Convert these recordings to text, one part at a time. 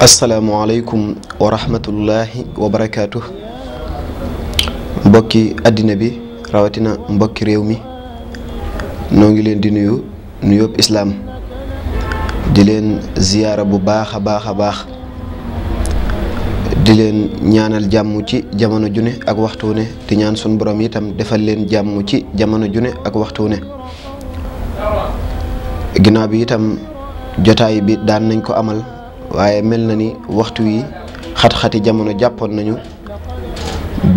asalaamualeykum wa rahmatullahi wa barakaatu mbokki àddina bi rawatina mbokki réew mi noo ngi leen di nuyu nuyoob islaam di leen ziyaara bu baax a baax a baax di leen ñaanal jàmm ci jamono june ak waxtu ne di ñaan sun borom itam defal leen jàmm ci jamono june ak waxtu ne ginnaaw bi itam jotaay bi daan nañ ko amal waaye mel na ni waxtu wi xat-xati jamono jàppoon nañu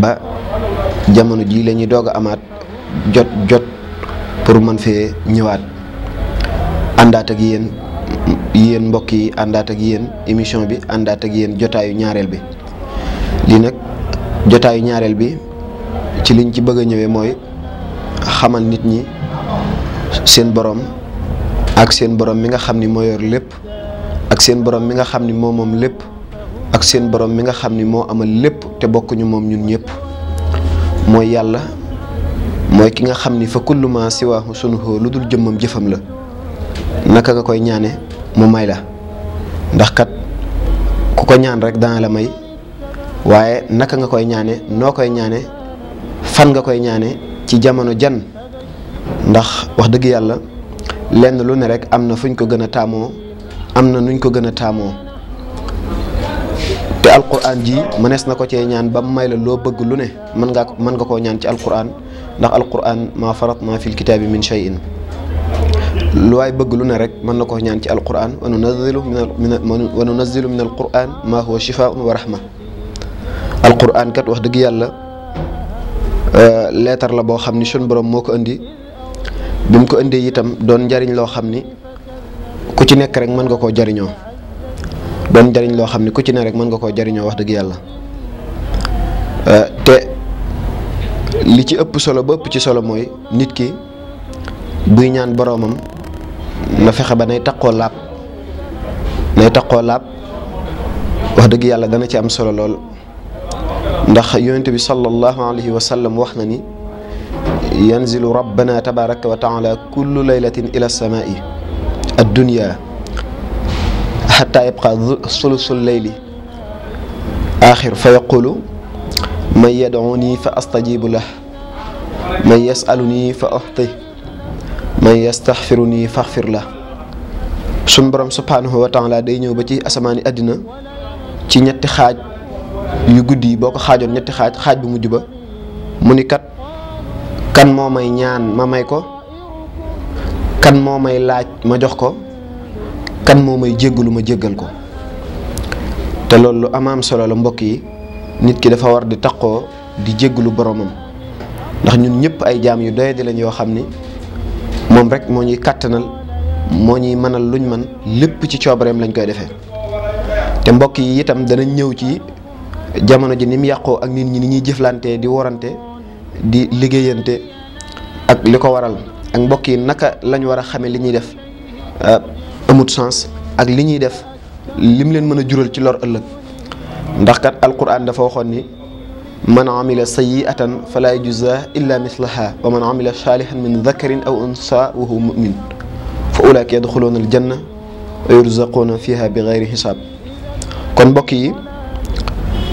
ba jamono jii lañuy ñuy a amaat jot jot pour mën fee ñëwaat àndaat ak yéen yéen mbokk yi àndaat ak yéen émission bi àndaat ak yéen jotaayu ñaareel bi lii nag jotaayu ñaareel bi ci liñ ci bëgg a ñëwee mooy xamal nit ñi seen borom ak seen borom mi nga xam ni moo lépp ak seen boroom mi nga xam ni moo moom lépp ak seen boroom mi nga xam ni moo amal lépp te bokkuñu moom ñun ñëpp mooy yàlla mooy ki nga xam ni fa kulluma siwaahu sunuhu lu dul jëmmam jëfam la naka nga koy ñaane mu may la ndax kat ku ko ñaan rek dana la may waaye naka nga koy ñaane noo koy ñaane fan nga koy ñaane ci jamono jan ndax wax dëgg yàlla lenn lu ne rek am na fuñ ko gën a taamoo am na ñu ko gën a taamoo te alquran ji mënees na ko cee ñaan ba mu may la loo bëgg lu ne mën ngaa ko mën nga koo ñaan ci alquran ndax al alquran maa faratna fil kitaabi min shay'in lu waay bëgg lu ne rek mën na ko ñaan ci alquran wa nunazzilu min wa nunazzilu min alquran maa huwa shifaa'un wa rahma alquran kat wax dëgg yàlla euh, leetar la boo xam ni suñ borom moo ko indi bi mu ko indee itam doon njariñ loo xam ni ku ci nekk rek mën nga koo jariñoo doon jariñ loo xam ne ku ci ne rek mën nga koo jariñoo wax dëgg yàlla euh, te li ci ëpp solo ba ëpp ci solo mooy nit ki buy ñaan boroomam na fexe ba nay taqoo laab nay taqoo laab wax dëgg yàlla dana ci am solo lool ndax yonent bi sallallahu alayhi wa sallam wax na ni yanzilu rabbana tabaraka wa taala kullu laylatin ila samaa'i addunya xataa yabqa sulusul layli axir fa yaqulu man yad'uni fa astajibu lah man yasaluni fa uxti man yastaxfiruni faxfir la suñ borom subhaanahu wa taala day ñëw ba ci asamaani àddina ci ñetti xaaj yu guddi yi boo ko xaajoon ñetti xaaj xaaj bu mujj ba mu ni kat kan moo may ñaan ma may ko kan moo may laaj ma jox ko kan moo may jéggalu ma jéggal ko te loolu lu amaam solo la mbokk yi nit ki dafa war di taqoo di jéggalu boromam ndax ñun ñëpp ay jaam yu doyadi lañ yoo xam ni moom rek moo ñuy kàttanal moo ñuy mënal luñ man lépp ci coobareem lañ koy defee te mbokk yi itam danañ ñëw ci jamono ji ni mu yàqoo ak nit ñi ni ñuy jëflantee di warante di liggéeyante ak li ko waral ak mbokk yi naka lañu war a xamee li ñuy def euh, amut sens ak li ñuy def lim leen mën a jural ci lor ëllëg ndax kat alquran dafa waxoon ni man amila sayiatan fala yujza illa mislaha wa man amila saalihan min dakarin aw unsa wa huwa mumin fa ulaaka yadxuluuna aljanna wa yurzaquuna fiha bi gayri xisaab kon mbokk yi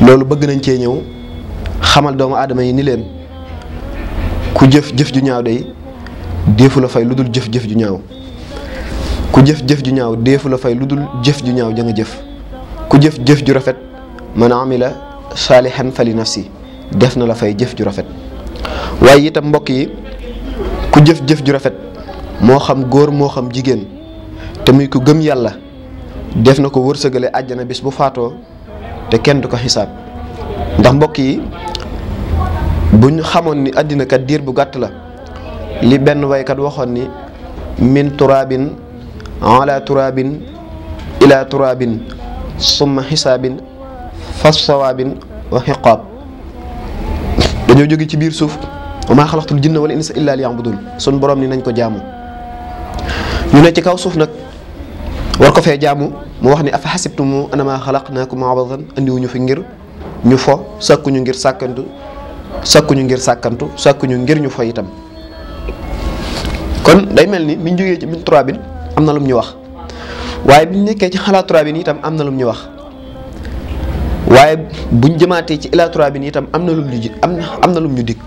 loolu bëgg nañ cee ñëw xamal doomu adama yi ni leen ku jëf jëf ju ñaaw day déefu la fay lu dul jëf-jëf ju ñaaw ku jëf-jëf ju ñaaw déefu la fay lu dul jëf ju ñaaw ja nga jëf ku jëf-jëf ju rafet man amila saalihan fali nafsi def na la fay jëf ju rafet waaye itam mbokk yi ku jëf-jëf ju rafet moo xam góor moo xam jigéen te muy ku gëm yàlla def na ko wërsëgale àjjana bis bu faatoo te kenn du ko xisaab ndax mbokk yi bu ñu xamoon ni àddina kat diir bu gàtt la li benn waykat waxoon ni min turaabin ala turaabin ila turaabin summa xisaabin fas sawaabin wa xiqaab dañoo jóge ci biir suuf wa maa xalaqtul jinna wal insa illa liya'budun sun borom ni nañ ko jàmm ñu ne ci kaw suuf nag war ko fee jaamu mu wax ni afa xasibtumu anama xalaqnaakum abathan andiwuñu fi ngir ñu fo sakkuñu ngir sàkkantu sàkkuñu ngir sàkkantu sàkkuñu ngir ñu fo itam kon day mel ni biñ jógee ci min turabin am na lum ñu wax waaye biñ nekkee ci xalaa turabin itam am na lu ñu wax waaye buñ jëmaatee ci ilaa turabin itam am na lum ñu ji am am na lum ñu dig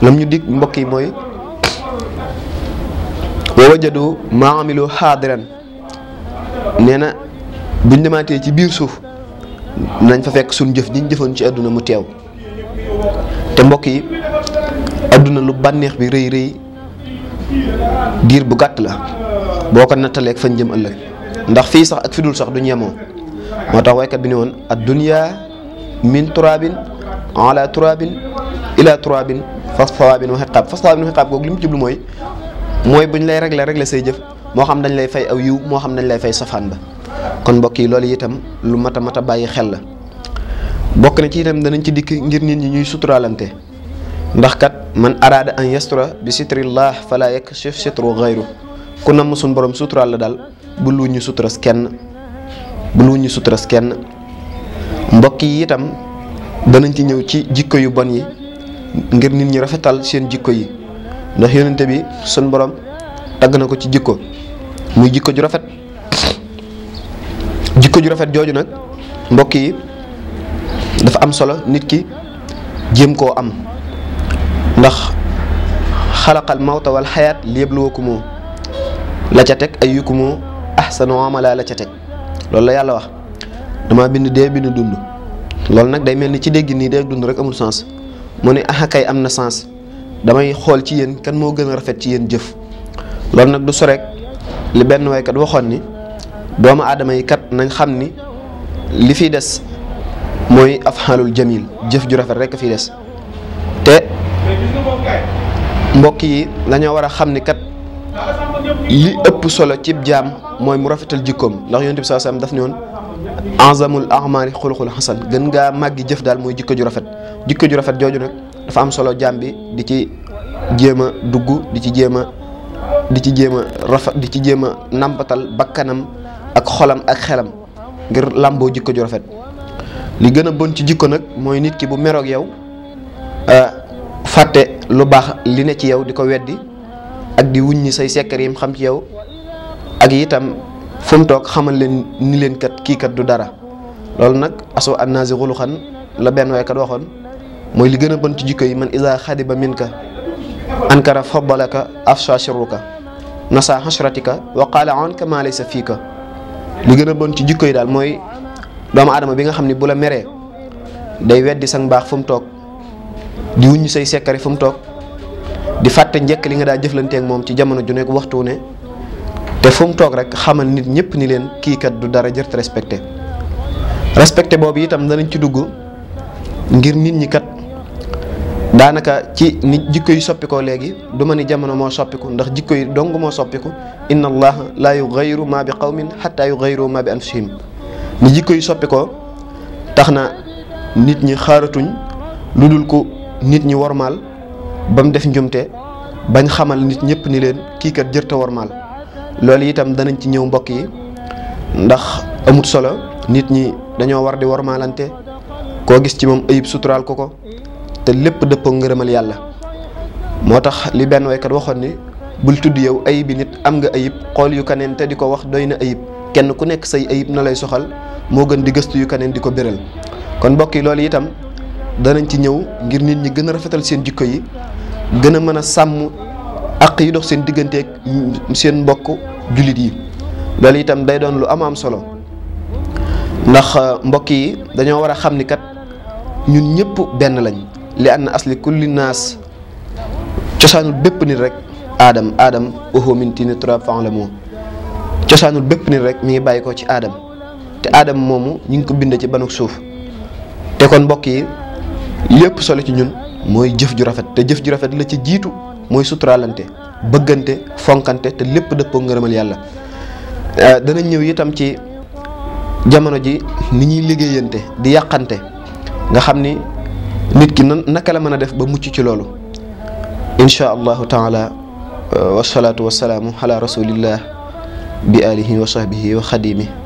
lum ñu dig mbokk yi mooy wa wajadu maa amilu na buñ demaatee ci biir suuf nañ fa fekk suñ jëf jiñ jëfoon ci àdduna mu teew te mbokk yi àdduna lu bànneex bi rëy rëy diir bu gàtt la boo ko nattalee ak fañ jëm ëllëg ndax fii sax ak fi sax du ñemoo moo tax waykat bi ne woon ad dunya min turabin ala turabin ila turabin fas fawaabin wa xiqaab fas fawaabin wa xiqaab googu li mu jublu mooy mooy buñ lay régler régler say jëf moo xam dañ lay fay aw yiw moo xam dañ lay fay safaan ba kon mbokk yi loolu itam lu mat a mat a bàyyi xel la bokk na ci itam danañ ci dikk ngir nit ñi ñuy suturaalante ndax kat man araada an yastura bi sitrillah fala yakshif sitru ghayru ku namm suñ borom suturaal la daal bu lu ñu suturas kenn bu lu ñu kenn mbokk yi itam danañ ci ñëw ci jikko yu bon yi ngir nit ñi rafetal seen jikko yi ndox yonente bi suñ borom tagg na ko ci jikko muy jikko ju rafet jikko ju rafet jooju nag mbokk yi dafa am solo nit ki jéem koo am ndax xalaqal mawta wal xayaat liyabluwakumoo la ca teg ay yukumoo ahsanu amala la ca teg loolu la yàlla wax dama bind dee bind dund loolu nag day mel ni ci dégg nii dee dund rek amul sens mu ne ah am na sens damay xool ci yéen kan moo gën a rafet ci yéen jëf loolu nag du sorek li benn waykat waxoon ni doomu aadama yi kat nañ xam ni li fi des mooy afxaalul jamil jëf ju rafet rek a fi des mbokk yi dañoo war a xam ni kat li ëpp solo cib jaam mooy mu rafetal jikkoom ndax yonent bi saa saam daf ne woon enzamul ahmaari xuluxul xasan gën ngaa màggi jëf daal mooy jikko ju rafet jikko ju rafet jooju nag dafa am solo jaam bi di ci jéem a dugg di ci jéem a di ci jéem a rafet di ci jéem a nampatal bakkanam ak xolam ak xelam ngir làmboo jikko ju rafet li gën a bon ci jikko nag mooy nit ki bu meroog yow. Ah, fàtte lu baax li ne ci yow di ko weddi ak di wuññi say sekkar yim xam ci yow ak itam fu toog xamal leen ni leen kat kii du dara loolu nag asoo annaasi xuluxan la benn waay kat waxoon mooy li gën a bon ci jikko yi man isa xadiba minka ankara fobbalaka afsha sharruka nasa hashratika wa qala anka ma laysa fiika li gën a bon ci jikko yi daal mooy doomu adama bi nga xam ne bu la meree day weddi sang baax fu mu toog di wuññi say sekkari fu mu toog di fàtte njëkk li nga daa jëflanteek moom ci jamono ju nekk waxtu ne te fu mu toog rek xamal nit ñëpp ni leen kii kat du dara jërt respecté respecté boobu itam danañ ci dugg ngir nit ñi kat daanaka ci nit jikko yu soppikoo léegi du ma ni jamono moo soppiku ndax jikko yi dong moo soppiku inna allaha laa yughayyiru maa bi qawmin hatta yughayyiru maa bi anfusihim ni jikko yu soppikoo tax na nit ñi xaaratuñ lu dul ko nit ñi wormaal ba mu def njumte bañ xamal nit ñëpp ni leen kii kat jërta wormaal loolu itam danañ ci ñëw mbokk yi ndax amut solo nit ñi dañoo war di wormaalante koo gis ci moom ayib suturaal ko ko te lépp dëppoo ngërëmal yàlla moo tax li benn waykat waxoon ni bul tudd yow ayib yi nit am nga ayib xool yu kaneen te di ko wax doy na ayib kenn ku nekk say ayib na lay soxal moo gën di gëstu yu kaneen di ko béral kon mbokk yi itam danañ ci ñëw ngir nit ñi gën a rafetal seen jikko yi gën a mën a sàmm àq yi dox seen digganteeg seen mbokk jullit yi loolu itam day doon lu am am solo ndax euh, mbokk yi dañoo war a xam ni kat ñun ñëpp benn lañ li ànd asli kulli naas cosaanul bépp nit rek aadam aadam waxoo min tiini la moo cosaanul bépp nit rek mi ngi bàyyi ko ci aadam te aadam moomu ñu ngi ko bind ci banuk suuf te kon mbokk yi lépp solo ci ñun mooy jëf ju rafet te jëf ju rafet la ci jiitu mooy suturaalante bëggante fonkante te lépp dëppoo ngërëmal yàlla euh, danañ ñëw itam ci jamono ji ni ñuy liggéeyante di yàqante nga xam ni nit ki naka la mën a def ba mucc ci loolu inchaa allahu taala euh, wasalaatu wasalaamu ala rasulillah bi alihi wa sahbihi wa xadimi